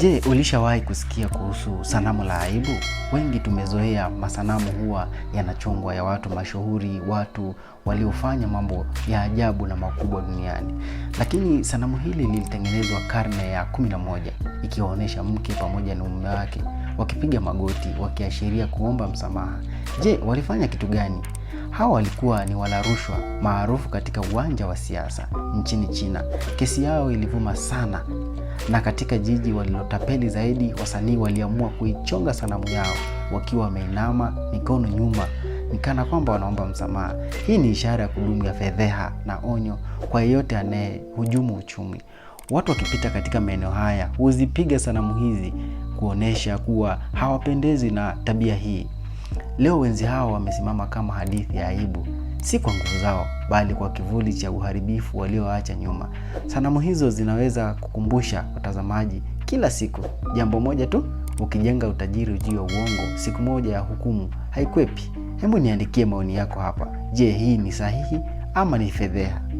Je, ulishawahi kusikia kuhusu sanamu la aibu? Wengi tumezoea masanamu huwa yanachongwa ya watu mashuhuri, watu waliofanya mambo ya ajabu na makubwa duniani, lakini sanamu hili lilitengenezwa karne ya kumi na moja ikiwaonyesha mke pamoja na mume wake wakipiga magoti wakiashiria kuomba msamaha. Je, walifanya kitu gani? Hawa walikuwa ni wala rushwa maarufu katika uwanja wa siasa nchini China. Kesi yao ilivuma sana na katika jiji walilotapeli zaidi, wasanii waliamua kuichonga sanamu yao wakiwa wameinama, mikono nyuma, ni kana kwamba wanaomba msamaha. Hii ni ishara ya kudumu ya fedheha na onyo kwa yeyote anayehujumu uchumi. Watu wakipita katika maeneo haya huzipiga sanamu hizi kuonesha kuwa hawapendezi na tabia hii. Leo wenzi hao wamesimama kama hadithi ya aibu si kwa nguvu zao, bali kwa kivuli cha uharibifu walioacha nyuma. Sanamu hizo zinaweza kukumbusha watazamaji kila siku jambo moja tu: ukijenga utajiri juu ya uongo, siku moja ya hukumu haikwepi. Hebu niandikie maoni yako hapa. Je, hii ni sahihi ama ni fedheha?